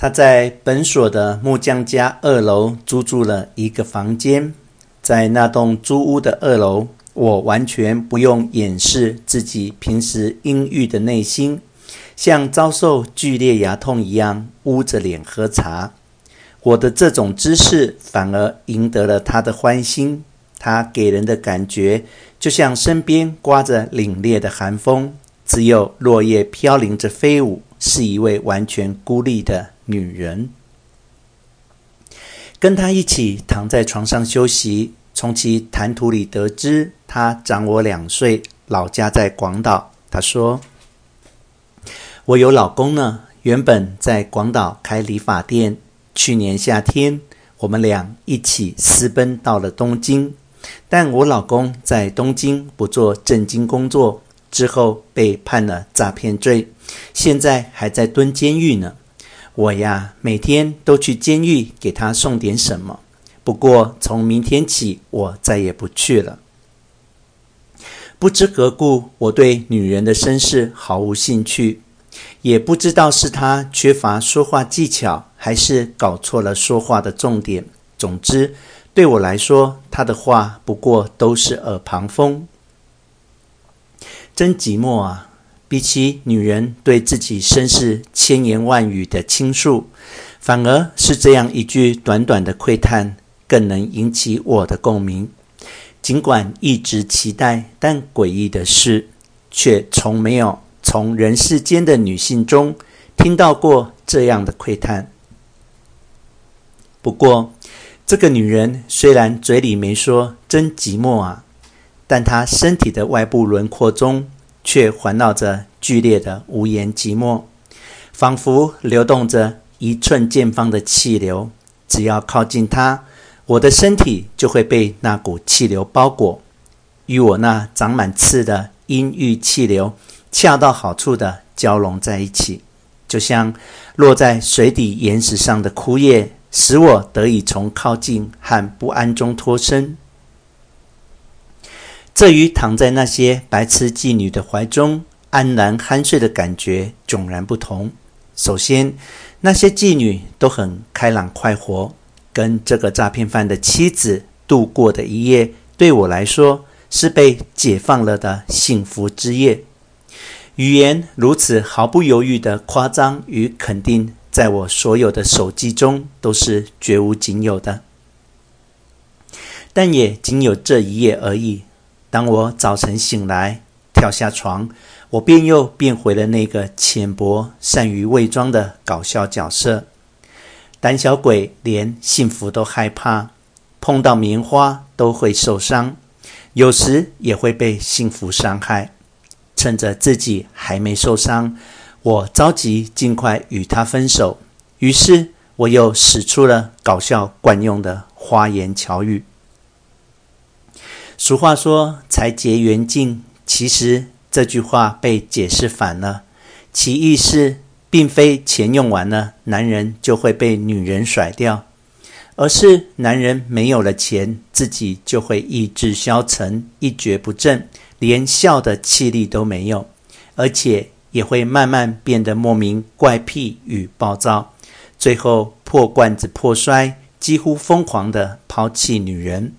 他在本所的木匠家二樓租住了一個房間，在那棟租屋的二樓，我完全不用掩飾自己平時陰鬱的內心，像遭受劇烈牙痛一樣，捂着臉喝茶。我的這種姿勢反而贏得了他的歡心，他給人的感覺就像身邊刮着凜冽的寒風，只有落葉飄零着飛舞。是一位完全孤立的女人。跟她一起躺在床上休息，從其談吐裡得知，她長我兩歲，老家在廣島。她說：“我有老公呢，原本在廣島開理髮店。去年夏天，我們倆一起私奔到了東京，但我老公在東京不做正經工作。”之後被判了詐騙罪，現在還在蹲監獄呢。我呀，每天都去監獄給他送點什麼。不過從明天起，我再也不去了。不知何故，我對女人的身世毫無興趣，也不知道是她缺乏說話技巧，還是搞錯了說話的重點。總之，對我來說，她的話不過都是耳旁風。真寂寞啊！比起女人對自己身世千言萬語的傾訴，反而是這樣一句短短的喟嘆更能引起我的共鳴。儘管一直期待，但詭異的是，卻從沒有從人世間的女性中聽到過這樣的喟嘆。不過，這個女人雖然嘴裡沒說，真寂寞啊。但他身體的外部輪廓中，卻環繞着劇烈的無言寂寞，仿佛流動着一寸見方的氣流。只要靠近他，我的身體就會被那股氣流包裹，與我那長滿刺的陰鬱氣流恰到好處地交融在一起，就像落在水底岩石上的枯葉，使我得以從靠近和不安中脫身。這與躺在那些白痴妓女的懷中安然酣睡的感覺迥然不同。首先，那些妓女都很開朗快活，跟這個詐騙犯的妻子度過的一夜，對我來說是被解放了的幸福之夜。語言如此毫不猶豫的誇張與肯定，在我所有的手記中都是絕無僅有的，但也僅有這一夜而已。當我早晨醒來，跳下床，我便又變回了那個淺薄、善於偽裝的搞笑角色。膽小鬼連幸福都害怕，碰到棉花都會受傷，有時也會被幸福傷害。趁着自己還沒受傷，我着急儘快與他分手。於是，我又使出了搞笑慣用的花言巧語。俗話說“財竭緣盡”，其實這句話被解釋反了。其意思是，並非錢用完了，男人就會被女人甩掉，而是男人沒有了錢，自己就會意志消沉、一蹶不振，連笑的氣力都沒有，而且也會慢慢變得莫名怪癖與暴躁，最後破罐子破摔，幾乎瘋狂地拋棄女人。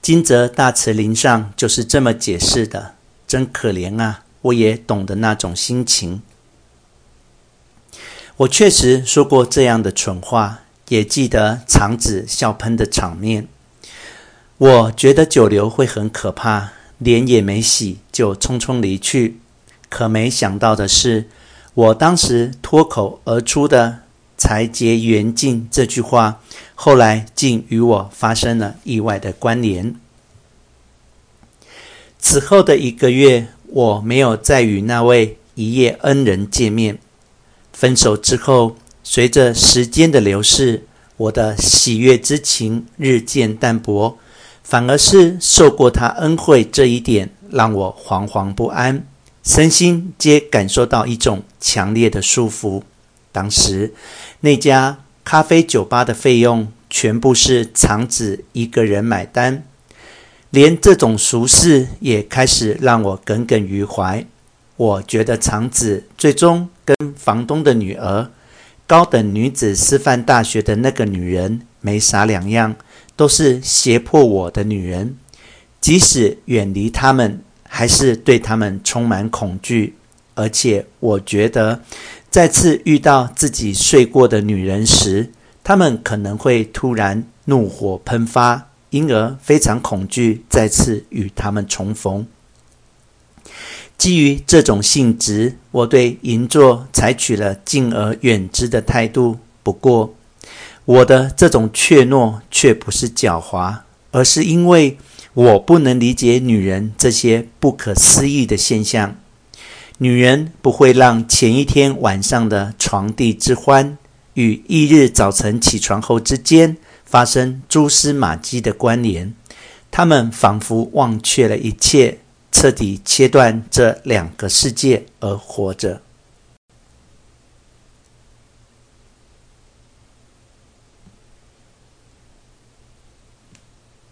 金澤大慈林上就是這麼解釋的，真可憐啊！我也懂得那種心情。我確實說過這樣的蠢話，也記得常子笑噴的場面。我覺得久留會很可怕，臉也沒洗就匆匆離去。可沒想到的是，我當時脫口而出的。“財盡緣盡”這句話，後來竟與我發生了意外的關聯。此後的一個月，我沒有再與那位一夜恩人見面。分手之後，隨着時間的流逝，我的喜悅之情日漸淡薄，反而是受過他恩惠這一點，讓我惶惶不安，身心皆感受到一種強烈的束縛。當時，那家咖啡酒吧的費用全部是常子一個人買單，連這種俗事也開始讓我耿耿於懷。我覺得常子最終跟房東的女兒、高等女子師範大學的那個女人沒啥兩樣，都是脅迫我的女人。即使遠離他們，還是對他們充滿恐懼，而且我覺得。再次遇到自己睡過的女人時，她們可能會突然怒火噴發，因而非常恐懼再次與她們重逢。基於這種性質，我對銀座採取了敬而遠之的態度。不過，我的這種怯懦卻不是狡猾，而是因為我不能理解女人這些不可思議的現象。女人不會讓前一天晚上的床笫之歡與翌日早晨起床後之間發生蛛絲馬跡的關聯，她們仿佛忘卻了一切，徹底切斷這兩個世界而活着。